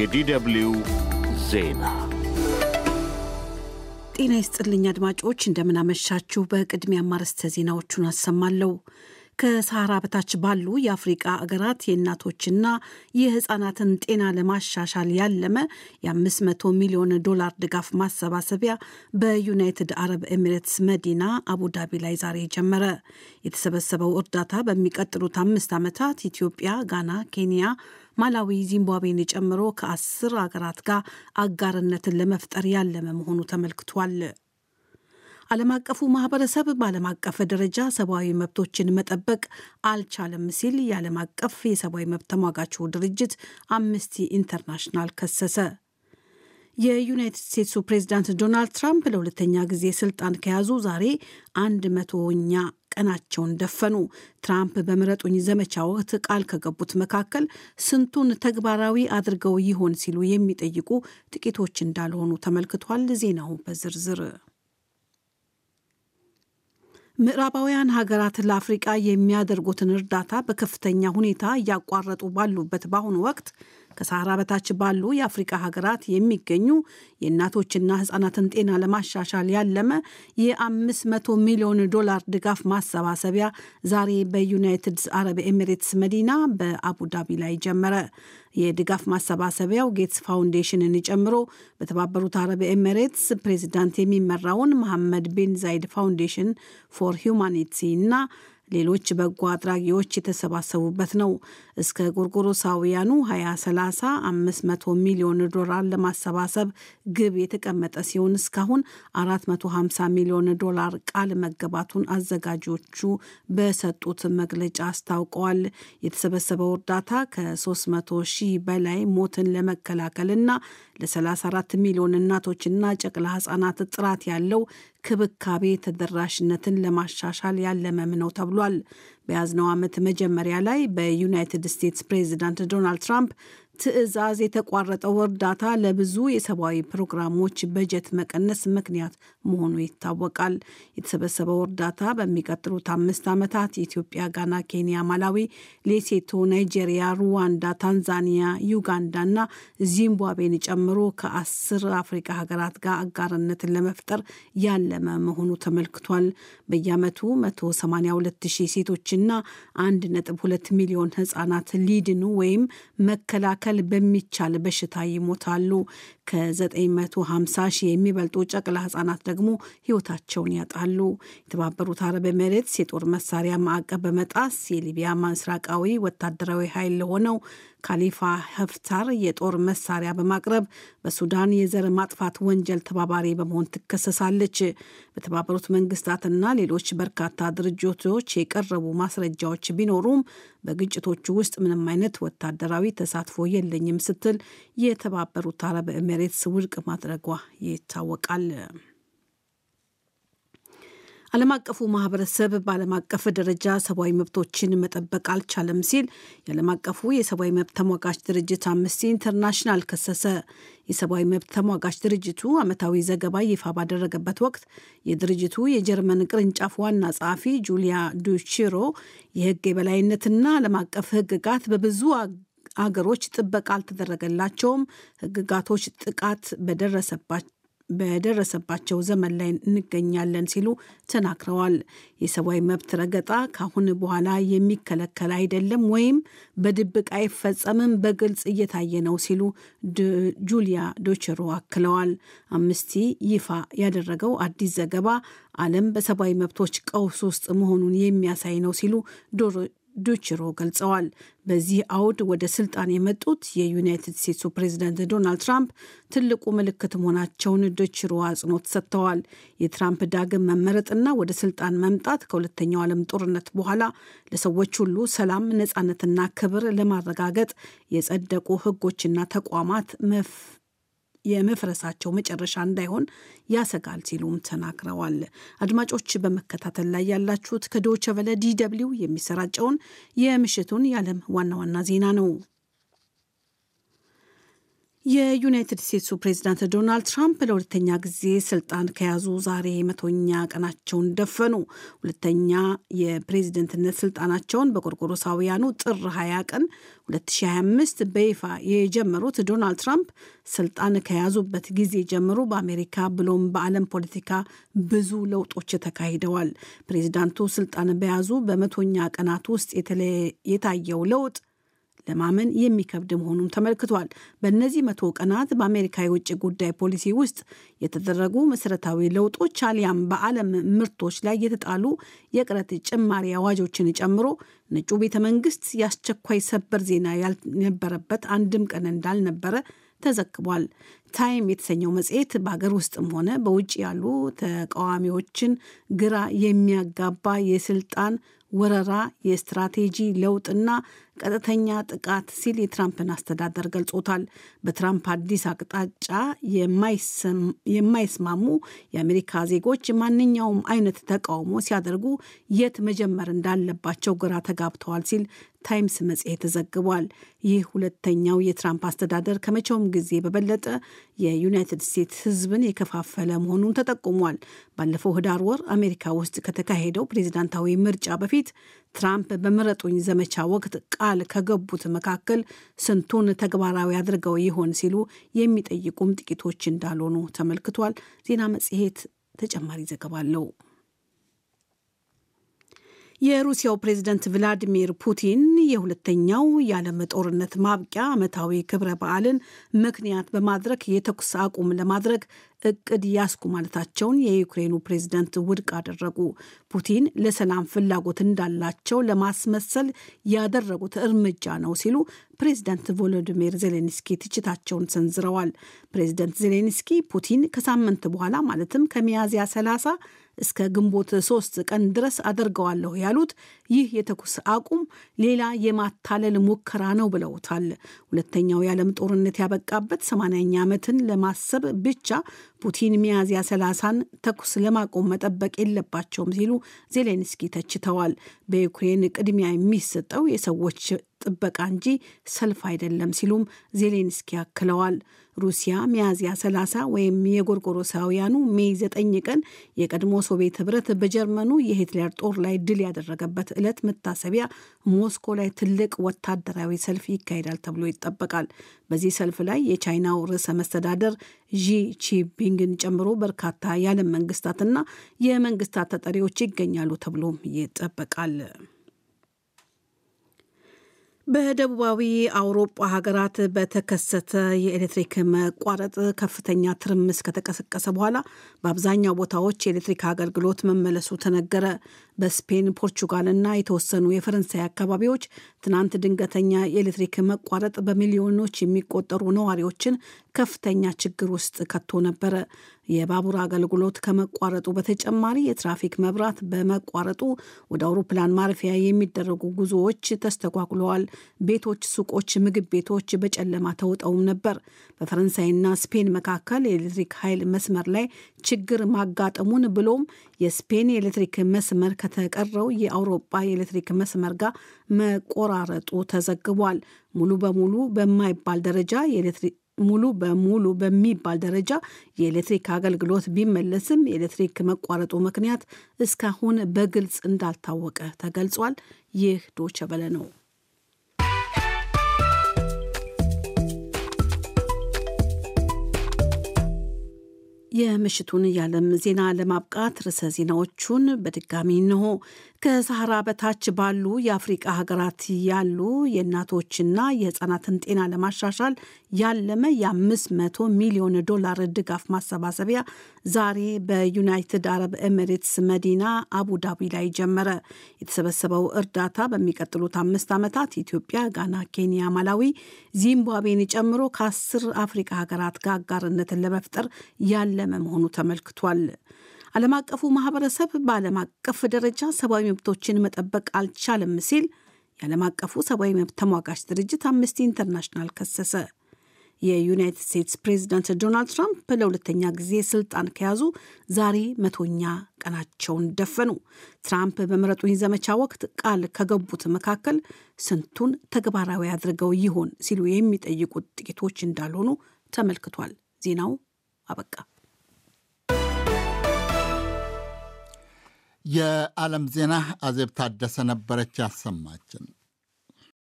የዲደብልዩ ዜና ጤና ይስጥልኝ አድማጮች፣ እንደምናመሻችሁ። በቅድሚያ አርዕስተ ዜናዎቹን አሰማለሁ። ከሳራ በታች ባሉ የአፍሪቃ አገራት የእናቶችና የህፃናትን ጤና ለማሻሻል ያለመ የ500 ሚሊዮን ዶላር ድጋፍ ማሰባሰቢያ በዩናይትድ አረብ ኤሚሬትስ መዲና አቡዳቢ ላይ ዛሬ ጀመረ። የተሰበሰበው እርዳታ በሚቀጥሉት አምስት ዓመታት ኢትዮጵያ፣ ጋና፣ ኬንያ ማላዊ ዚምባብዌን ጨምሮ ከአስር አገራት ጋር አጋርነትን ለመፍጠር ያለመ መሆኑ ተመልክቷል። ዓለም አቀፉ ማህበረሰብ በዓለም አቀፍ ደረጃ ሰብአዊ መብቶችን መጠበቅ አልቻለም ሲል የዓለም አቀፍ የሰብአዊ መብት ተሟጋቹ ድርጅት አምነስቲ ኢንተርናሽናል ከሰሰ። የዩናይትድ ስቴትሱ ፕሬዚዳንት ዶናልድ ትራምፕ ለሁለተኛ ጊዜ ስልጣን ከያዙ ዛሬ አንድ መቶኛ ቀናቸውን ደፈኑ። ትራምፕ በምረጡኝ ዘመቻ ወቅት ቃል ከገቡት መካከል ስንቱን ተግባራዊ አድርገው ይሆን ሲሉ የሚጠይቁ ጥቂቶች እንዳልሆኑ ተመልክቷል። ዜናው በዝርዝር ምዕራባውያን ሀገራት ለአፍሪቃ የሚያደርጉትን እርዳታ በከፍተኛ ሁኔታ እያቋረጡ ባሉበት በአሁኑ ወቅት ከሳህራ በታች ባሉ የአፍሪቃ ሀገራት የሚገኙ የእናቶችና ህጻናትን ጤና ለማሻሻል ያለመ የ500 ሚሊዮን ዶላር ድጋፍ ማሰባሰቢያ ዛሬ በዩናይትድ አረብ ኤሚሬትስ መዲና በአቡዳቢ ላይ ጀመረ። የድጋፍ ማሰባሰቢያው ጌትስ ፋውንዴሽንን ጨምሮ በተባበሩት አረብ ኤሚሬትስ ፕሬዚዳንት የሚመራውን መሐመድ ቢን ዛይድ ፋውንዴሽን ፎር ሂውማኒቲ እና ሌሎች በጎ አድራጊዎች የተሰባሰቡበት ነው። እስከ ጎርጎሮሳውያኑ 2030 500 ሚሊዮን ዶላር ለማሰባሰብ ግብ የተቀመጠ ሲሆን እስካሁን 450 ሚሊዮን ዶላር ቃል መገባቱን አዘጋጆቹ በሰጡት መግለጫ አስታውቀዋል። የተሰበሰበው እርዳታ ከ300 ሺህ በላይ ሞትን ለመከላከልና ለ34 ሚሊዮን እናቶችና ጨቅላ ህጻናት ጥራት ያለው ክብካቤ ተደራሽነትን ለማሻሻል ያለመም ነው ተብሏል። በያዝነው ዓመት መጀመሪያ ላይ በዩናይትድ ስቴትስ ፕሬዚዳንት ዶናልድ ትራምፕ ትዕዛዝ የተቋረጠው እርዳታ ለብዙ የሰብአዊ ፕሮግራሞች በጀት መቀነስ ምክንያት መሆኑ ይታወቃል። የተሰበሰበው እርዳታ በሚቀጥሉት አምስት ዓመታት ኢትዮጵያ፣ ጋና፣ ኬንያ፣ ማላዊ፣ ሌሴቶ፣ ናይጄሪያ፣ ሩዋንዳ፣ ታንዛኒያ፣ ዩጋንዳ እና ዚምባብዌን ጨምሮ ከአስር አፍሪካ ሀገራት ጋር አጋርነትን ለመፍጠር ያለመ መሆኑ ተመልክቷል። በየዓመቱ 182 ሺህ ሴቶችና 1.2 ሚሊዮን ህጻናት ሊድኑ ወይም መከላከል መከላከል በሚቻል በሽታ ይሞታሉ። ከ950 ሺህ የሚበልጡ ጨቅላ ህጻናት ደግሞ ህይወታቸውን ያጣሉ። የተባበሩት አረብ መሬት የጦር መሳሪያ ማዕቀብ በመጣስ የሊቢያ ምስራቃዊ ወታደራዊ ኃይል ለሆነው ካሊፋ ሀፍታር የጦር መሳሪያ በማቅረብ በሱዳን የዘር ማጥፋት ወንጀል ተባባሪ በመሆን ትከሰሳለች። በተባበሩት መንግስታትና ሌሎች በርካታ ድርጅቶች የቀረቡ ማስረጃዎች ቢኖሩም በግጭቶቹ ውስጥ ምንም አይነት ወታደራዊ ተሳትፎ የለኝም ስትል የተባበሩት አረብ ኤሜሬትስ ውድቅ ማድረጓ ይታወቃል። ዓለም አቀፉ ማህበረሰብ በዓለም አቀፍ ደረጃ ሰብአዊ መብቶችን መጠበቅ አልቻለም ሲል የዓለም አቀፉ የሰብአዊ መብት ተሟጋች ድርጅት አምነስቲ ኢንተርናሽናል ከሰሰ። የሰብአዊ መብት ተሟጋች ድርጅቱ ዓመታዊ ዘገባ ይፋ ባደረገበት ወቅት የድርጅቱ የጀርመን ቅርንጫፍ ዋና ጸሐፊ ጁሊያ ዱቺሮ የህግ የበላይነትና ዓለም አቀፍ ህግጋት በብዙ አገሮች ጥበቃ አልተደረገላቸውም፣ ህግጋቶች ጥቃት በደረሰባቸው በደረሰባቸው ዘመን ላይ እንገኛለን ሲሉ ተናግረዋል። የሰብአዊ መብት ረገጣ ካሁን በኋላ የሚከለከል አይደለም ወይም በድብቅ አይፈጸምም፣ በግልጽ እየታየ ነው ሲሉ ጁሊያ ዶችሮ አክለዋል። አምስቲ ይፋ ያደረገው አዲስ ዘገባ ዓለም በሰብአዊ መብቶች ቀውስ ውስጥ መሆኑን የሚያሳይ ነው ሲሉ ዱችሮ ገልጸዋል። በዚህ አውድ ወደ ስልጣን የመጡት የዩናይትድ ስቴትሱ ፕሬዚደንት ዶናልድ ትራምፕ ትልቁ ምልክት መሆናቸውን ዶችሮ አጽንኦት ሰጥተዋል። የትራምፕ ዳግም መመረጥና ወደ ስልጣን መምጣት ከሁለተኛው ዓለም ጦርነት በኋላ ለሰዎች ሁሉ ሰላም፣ ነጻነትና ክብር ለማረጋገጥ የጸደቁ ሕጎችና ተቋማት መፍ የመፍረሳቸው መጨረሻ እንዳይሆን ያሰጋል ሲሉም ተናግረዋል። አድማጮች በመከታተል ላይ ያላችሁት ከዶቸቨለ ዲ ደብልዩ የሚሰራጨውን የምሽቱን የዓለም ዋና ዋና ዜና ነው። የዩናይትድ ስቴትሱ ፕሬዚዳንት ዶናልድ ትራምፕ ለሁለተኛ ጊዜ ስልጣን ከያዙ ዛሬ መቶኛ ቀናቸውን ደፈኑ። ሁለተኛ የፕሬዝደንትነት ስልጣናቸውን በቆርቆሮሳውያኑ ጥር 20 ቀን 2025 በይፋ የጀመሩት ዶናልድ ትራምፕ ስልጣን ከያዙበት ጊዜ ጀምሮ በአሜሪካ ብሎም በዓለም ፖለቲካ ብዙ ለውጦች ተካሂደዋል። ፕሬዚዳንቱ ስልጣን በያዙ በመቶኛ ቀናት ውስጥ የታየው ለውጥ ለማመን የሚከብድ መሆኑም ተመልክቷል። በእነዚህ መቶ ቀናት በአሜሪካ የውጭ ጉዳይ ፖሊሲ ውስጥ የተደረጉ መሰረታዊ ለውጦች አሊያም በዓለም ምርቶች ላይ የተጣሉ የቅረት ጭማሪ አዋጆችን ጨምሮ ነጩ ቤተ መንግስት የአስቸኳይ ሰበር ዜና ያልነበረበት አንድም ቀን እንዳልነበረ ተዘግቧል። ታይም የተሰኘው መጽሔት በሀገር ውስጥም ሆነ በውጭ ያሉ ተቃዋሚዎችን ግራ የሚያጋባ የስልጣን ወረራ፣ የስትራቴጂ ለውጥና ቀጥተኛ ጥቃት ሲል የትራምፕን አስተዳደር ገልጾታል። በትራምፕ አዲስ አቅጣጫ የማይስማሙ የአሜሪካ ዜጎች ማንኛውም አይነት ተቃውሞ ሲያደርጉ የት መጀመር እንዳለባቸው ግራ ተጋብተዋል ሲል ታይምስ መጽሔት ዘግቧል። ይህ ሁለተኛው የትራምፕ አስተዳደር ከመቼውም ጊዜ በበለጠ የዩናይትድ ስቴትስ ሕዝብን የከፋፈለ መሆኑን ተጠቁሟል። ባለፈው ህዳር ወር አሜሪካ ውስጥ ከተካሄደው ፕሬዚዳንታዊ ምርጫ በፊት በፊት ትራምፕ በምረጡኝ ዘመቻ ወቅት ቃል ከገቡት መካከል ስንቱን ተግባራዊ አድርገው ይሆን ሲሉ የሚጠይቁም ጥቂቶች እንዳልሆኑ ተመልክቷል። ዜና መጽሔት ተጨማሪ ዘገባ አለው። የሩሲያው ፕሬዝደንት ቭላዲሚር ፑቲን የሁለተኛው የዓለም ጦርነት ማብቂያ ዓመታዊ ክብረ በዓልን ምክንያት በማድረግ የተኩስ አቁም ለማድረግ እቅድ ያስኩ ማለታቸውን የዩክሬኑ ፕሬዝደንት ውድቅ አደረጉ። ፑቲን ለሰላም ፍላጎት እንዳላቸው ለማስመሰል ያደረጉት እርምጃ ነው ሲሉ ፕሬዝደንት ቮሎዲሚር ዜሌንስኪ ትችታቸውን ሰንዝረዋል። ፕሬዝደንት ዜሌንስኪ ፑቲን ከሳምንት በኋላ ማለትም ከሚያዝያ 30 እስከ ግንቦት ሶስት ቀን ድረስ አደርገዋለሁ ያሉት ይህ የተኩስ አቁም ሌላ የማታለል ሙከራ ነው ብለውታል። ሁለተኛው የዓለም ጦርነት ያበቃበት ሰማንያኛ ዓመትን ለማሰብ ብቻ ፑቲን ሚያዝያ ሰላሳን ተኩስ ለማቆም መጠበቅ የለባቸውም ሲሉ ዜሌንስኪ ተችተዋል። በዩክሬን ቅድሚያ የሚሰጠው የሰዎች ጥበቃ እንጂ ሰልፍ አይደለም ሲሉም ዜሌንስኪ አክለዋል። ሩሲያ ሚያዝያ 30 ወይም የጎርጎሮሳውያኑ ሜይ 9 ቀን የቀድሞ ሶቪየት ህብረት በጀርመኑ የሂትለር ጦር ላይ ድል ያደረገበት ዕለት መታሰቢያ ሞስኮ ላይ ትልቅ ወታደራዊ ሰልፍ ይካሄዳል ተብሎ ይጠበቃል። በዚህ ሰልፍ ላይ የቻይናው ርዕሰ መስተዳደር ዢ ቺፒንግን ጨምሮ በርካታ የዓለም መንግስታትና የመንግስታት ተጠሪዎች ይገኛሉ ተብሎም ይጠበቃል። በደቡባዊ አውሮፓ ሀገራት በተከሰተ የኤሌክትሪክ መቋረጥ ከፍተኛ ትርምስ ከተቀሰቀሰ በኋላ በአብዛኛው ቦታዎች የኤሌክትሪክ አገልግሎት መመለሱ ተነገረ። በስፔን ፖርቹጋልና የተወሰኑ የፈረንሳይ አካባቢዎች ትናንት ድንገተኛ የኤሌክትሪክ መቋረጥ በሚሊዮኖች የሚቆጠሩ ነዋሪዎችን ከፍተኛ ችግር ውስጥ ከቶ ነበረ። የባቡር አገልግሎት ከመቋረጡ በተጨማሪ የትራፊክ መብራት በመቋረጡ ወደ አውሮፕላን ማረፊያ የሚደረጉ ጉዞዎች ተስተጓጉለዋል። ቤቶች፣ ሱቆች፣ ምግብ ቤቶች በጨለማ ተውጠውም ነበር። በፈረንሳይና ስፔን መካከል የኤሌክትሪክ ኃይል መስመር ላይ ችግር ማጋጠሙን ብሎም የስፔን የኤሌክትሪክ መስመር ከተቀረው የአውሮፓ የኤሌክትሪክ መስመር ጋር መቆራረጡ ተዘግቧል። ሙሉ በሙሉ በማይባል ደረጃ የኤሌክትሪክ ሙሉ በሙሉ በሚባል ደረጃ የኤሌክትሪክ አገልግሎት ቢመለስም የኤሌክትሪክ መቋረጡ ምክንያት እስካሁን በግልጽ እንዳልታወቀ ተገልጿል። ይህ ዶቸበለ ነው። የምሽቱን የዓለም ዜና ለማብቃት ርዕሰ ዜናዎቹን በድጋሚ እንሆ። ከሰሐራ በታች ባሉ የአፍሪቃ ሀገራት ያሉ የእናቶችና የህፃናትን ጤና ለማሻሻል ያለመ የ500 ሚሊዮን ዶላር ድጋፍ ማሰባሰቢያ ዛሬ በዩናይትድ አረብ ኤሚሬትስ መዲና አቡዳቢ ላይ ጀመረ። የተሰበሰበው እርዳታ በሚቀጥሉት አምስት ዓመታት ኢትዮጵያ፣ ጋና፣ ኬንያ፣ ማላዊ፣ ዚምባብዌን ጨምሮ ከአስር አፍሪቃ ሀገራት ጋር አጋርነትን ለመፍጠር ያለመ መሆኑ ተመልክቷል። ዓለም አቀፉ ማህበረሰብ በዓለም አቀፍ ደረጃ ሰብአዊ መብቶችን መጠበቅ አልቻለም ሲል የዓለም አቀፉ ሰብአዊ መብት ተሟጋች ድርጅት አምነስቲ ኢንተርናሽናል ከሰሰ። የዩናይትድ ስቴትስ ፕሬዚዳንት ዶናልድ ትራምፕ ለሁለተኛ ጊዜ ስልጣን ከያዙ ዛሬ መቶኛ ቀናቸውን ደፈኑ። ትራምፕ በምረጡኝ ዘመቻ ወቅት ቃል ከገቡት መካከል ስንቱን ተግባራዊ አድርገው ይሆን ሲሉ የሚጠይቁት ጥቂቶች እንዳልሆኑ ተመልክቷል። ዜናው አበቃ። የዓለም ዜና አዜብ ታደሰ ነበረች ያሰማችን።